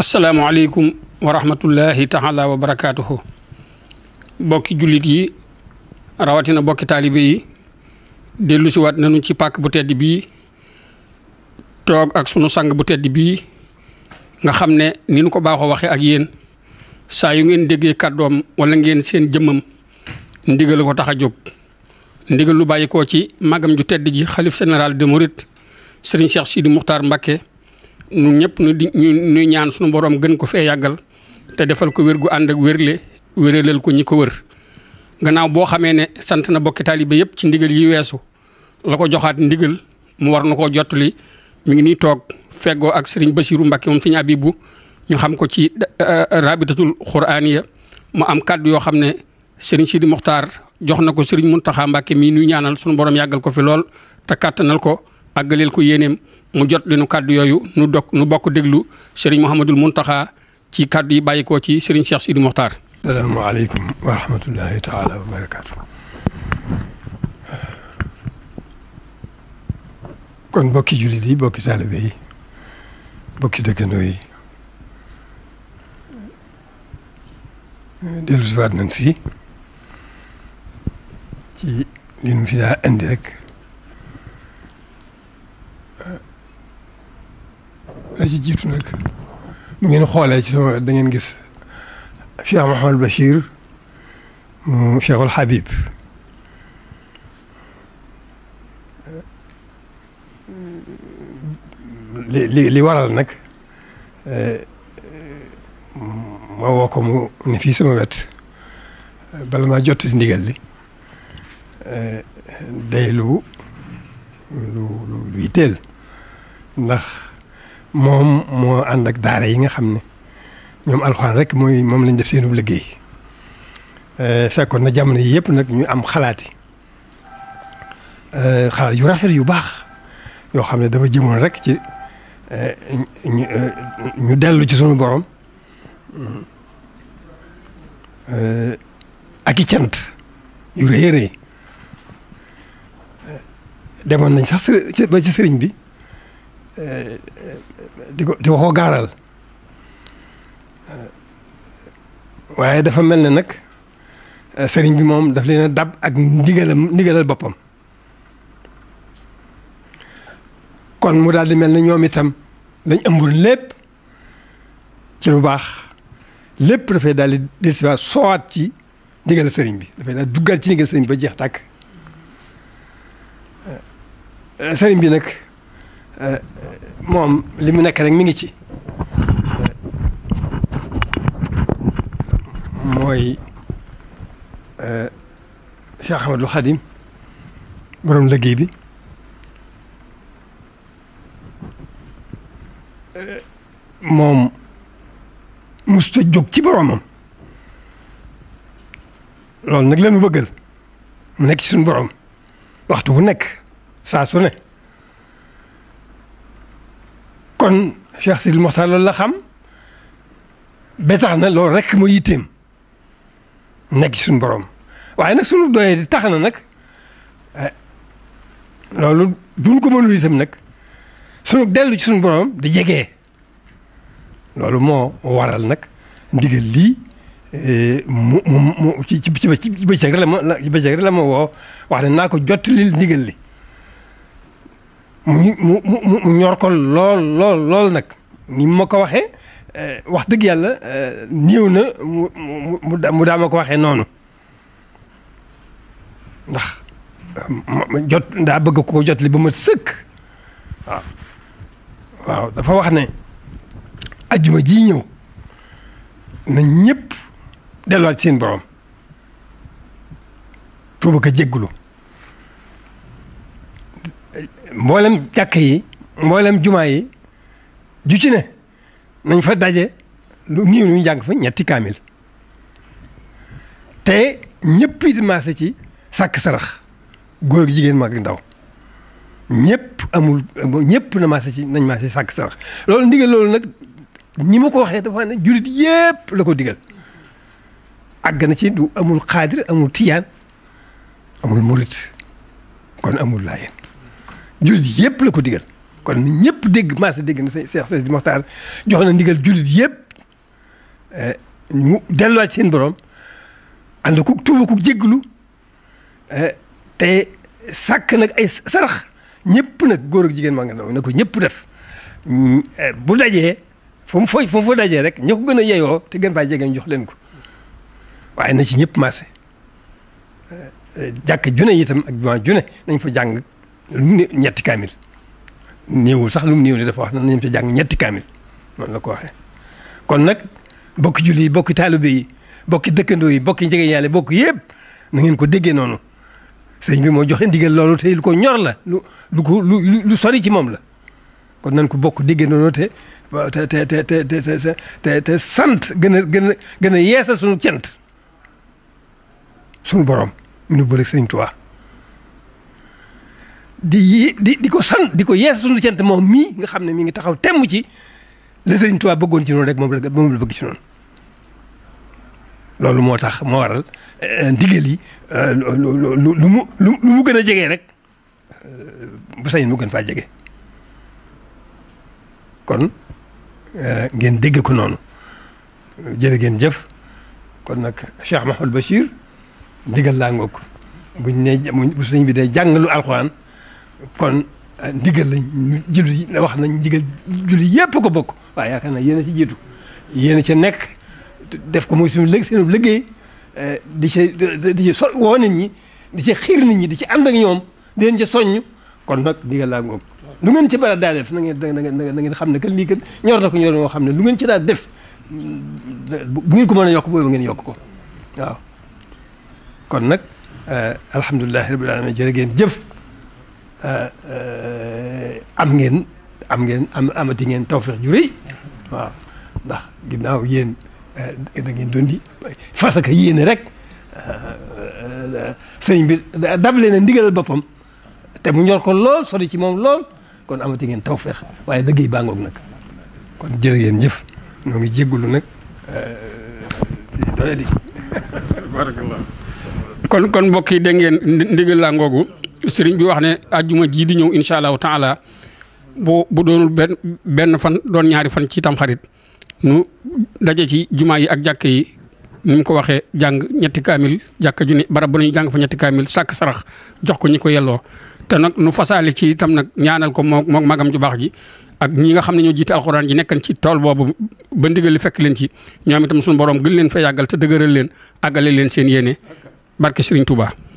Assalamualaikum warahmatullahi taala wa barakatuh. bokki julit yi rawatina bokki talibe yi ci wat nañu ci pak bu tedd bi tok ak sunu sang bu tedd bi nga xamne ni ñu ko baxo waxe ak yeen sa yu ngeen degge kaddom wala ngeen seen jëmmam ndigal ko ndigal lu bayiko ci magam ju tedd ji khalif general de Mouride serigne Cheikh Sidi ñun ñëpp nu di ñu ñaan suñu borom gën ko fee yàggal te defal ko wér gu ànd ak wérle wérelal ko ñi ko wër gannaaw boo xamee ne sant na bokki taalibe yëpp ci ndigal yi weesu la ko joxaat ndigal mu war na koo jottali mi ngi nii toog feggoo ak sëriñ Basiru Mbàkke moom sëñ Abibu ñu xam ko ci euh, euh, rabitatul xuraaniya mu am kàddu yoo xam ne sëriñ Sidi Muxtaar jox na ko sëriñ Muntaxa Mbàkke mii nuy ñaanal suñu borom yàggal ko fi lool te kàttanal ko agalel ko yenem mu jot li nu kàddu yoyu nu dok nu bok déglu serigne Mouhamadul Mountakha ci kàddu yi bayiko ci serigne Cheikh Sidi Mokhtar. alaykum wa rahmatullahi taala wa barakatuh kon bokki julit yi bokki talibe yi bokki dëkkandoo yi delu si nañ fi ci li nu fi da andi rek. la ci jiitu nag bu ngeen xoolee ci sama da ngeen gis Cheikh Mouhamadou Bachir mu Cheikhul Habib li li li waral nag ma woo ko mu ne fii sama wet bala maa jot ndigal li day lu lu lu yitteel ndax moom moo ànd ak daare yi nga xam ne ñoom alxuraan rek mooy moom lañ def seenub liggéey eh, fekkoon na jamono yi yëpp nag ñu am xalaati eh, xalaat yu rafet yu baax yoo xam ne dafa jëmoon rek ci eh, ñu dellu ci sunu boroom ak i cant yu rëy a demoon nañ sax ba ci sëriñ bi di ko ko gaaral waaye dafa mel ne nag sëriñ bi moom daf leen a dab ak ndigalam ndigalal boppam kon mu daal di mel ne ñoom itam lañ ëmbul lépp ci lu baax lépp dafay daal di dellusiwaat soowaat ci ndigal sëriñ bi dafay daal duggaat ci ndigal sëriñ bi ba jeex tàkk sëriñ bi nag moom li mu nekk rek mi ngi ci mooy e, Cheikh Ahmadou Khadim borom liggéey bi e, moom mosut a jóg ci boromam loolu nag la ñu bëggal mu nekk ci suñu borom waxtu wu nekk saa su kon Cheikh Sidil Mokhtar loolu la xam ba tax na loolu rek mooy yitteem nekk ci suñu borom waaye nag suñu doyee di tax na nag loolu duñ ko mënul itam nag suñu dellu ci suñu borom di jege loolu moo waral nag ndigal lii mu mu mu ci ci bëccëg rek la ma ci bëccëg rek la ma woo wax ne naa ko jottalil ndigal li mu mu mu ñor ko lool lool lool nag ni ma ko waxee eh, wax dëgg yàlla eh, néew na mu mu mu daa ma ko waxee noonu ndax jot daa bëgg koo jot li ba ma sëkk waaw waaw dafa wax ne ajjuma ji ñëw na ñépp delluwaat seen borom tuuba ko jégglu mboolem jàkk yi mboolem juma yi ju ci ne nañ fa daje lu niiw ñu jàng fa ñetti kaamil te ñëpp it maase ci sàkk sarax góor gi jigéen mag ndaw ñëpp amul ñëpp na maase ci nañ maase sàkk sarax loolu ndigal loolu nag ni ma ko waxee dafa ne jullit la ko digal àgg na ci du amul xaadir amul tijaan amul murit kon amul laayeen jullit yëpp la ko digal kon ni ñëpp dégg maa sa dégg na say Seex Seydi Moxtaar jox na ndigal jullit yëpp eh, ñu delluwaat seen borom ànd ku tuuba ku jégglu eh, te sàkk nag ay sarax ñëpp nag góor ak jigéen ma nga ndaw ko ñëpp def mm, eh, bu dajee fu mu foo fu mu dajee rek ñoo gën a yeyoo te gën faa jege ñu jox leen ko waaye na ci ñëpp maase jàkk june itam ak jumaa june nañ fa jàng lu ñetti kaamil néewul sax lu mu néew ne dafa wax na nañ fa jàng ñetti kaamil noonu la ko waxee kon nag bokki julli yi bokki taalibe yi bokki dëkkandoo yi bokki njegeñaale bokk yëpp na ngeen ko déggee noonu sëñ bi moo joxe ndigal loolu te lu ko ñor la lu lu ko lu lu sori ci moom la kon nan ko bokk déggee noonu te te te te te te te sant gën a gën a gën a yeesa suñu cant suñu borom mu nu bëri sëñ Tuubaa di di di ko san di ko yees suñu cant moom mii nga xam ne mi ngi taxaw temm ci la Sëriñ Tuubaa bëggoon ci noonu rek moom la moom la bëgg ci noonu loolu moo tax moo waral euh, ndigal yi euh, lu mu lu mu gën a jegee rek euh, bu sañoon mu gën fa jege kon ngeen dégg ko noonu jërë ngeen jëf kon nag Cheikh Mahmoud Bachir ndigal laa ngoog buñ bu sëñ bi dee jàngalu alxuraan kon ndigal lañ julli wax nañ ndigal julli yépp ko bokk waaye yaakaar naa yéen a ci jiitu yéen a ca nekk def ko muy suñu lëg seenu liggéey di ci di ci so woo nit ñi di ci xiir nit ñi di ci ànd ak ñoom di leen ci soññ kon nag ndigal laa ngoog lu ngeen ci bara daa def na ngeen na ngeen na ngeen xam ne que lii kat ñor na ko ñor moo xam ne lu ngeen ci daa def bu ngeen ko mën a yokk boobu ngeen yokk ko waaw kon nag alhamdulilahi rabbil alamin jërë ngeen jëf am ngeen am ngeen am amati ngeen tawfeex ju waaw ndax ginnaaw yéen eh, da ngeen doon di parce que yéene rek eh, sëñ bi dable na ndigalal boppam te mu ñor ko lool sori ci moom lool kon amati ngeen tawfeex waaye liggéey baa ngoog nag kon jërë ngeen jëf ñoo ngi jéggulu nag eh, doya di barakallah kon kon mbokk yi dégg ngeen ndigal la ngogu serigne bi wax ne aljuma ji di ñew inshallah taala bo bu doonul ben ben fan doon ñaari fan ci tam xarit nu daje ci juma yi ak jakk yi ni ko waxee jang ñetti kamil jakk ju ni barab bu nañu jàng fa ñetti kamil sak sarax jox ko ñiko yello te nu ci tam nak ñaanal ko mok magam ju bax ji ak ñi nga xamni ne ñoo jiite alxuraan ji nekkan ci tol bobu ba ndigal li fekk leen ci ñoom itam suñu borom gën leen fa yagal te degeural leen agale leen seen yene barke Serigne Touba.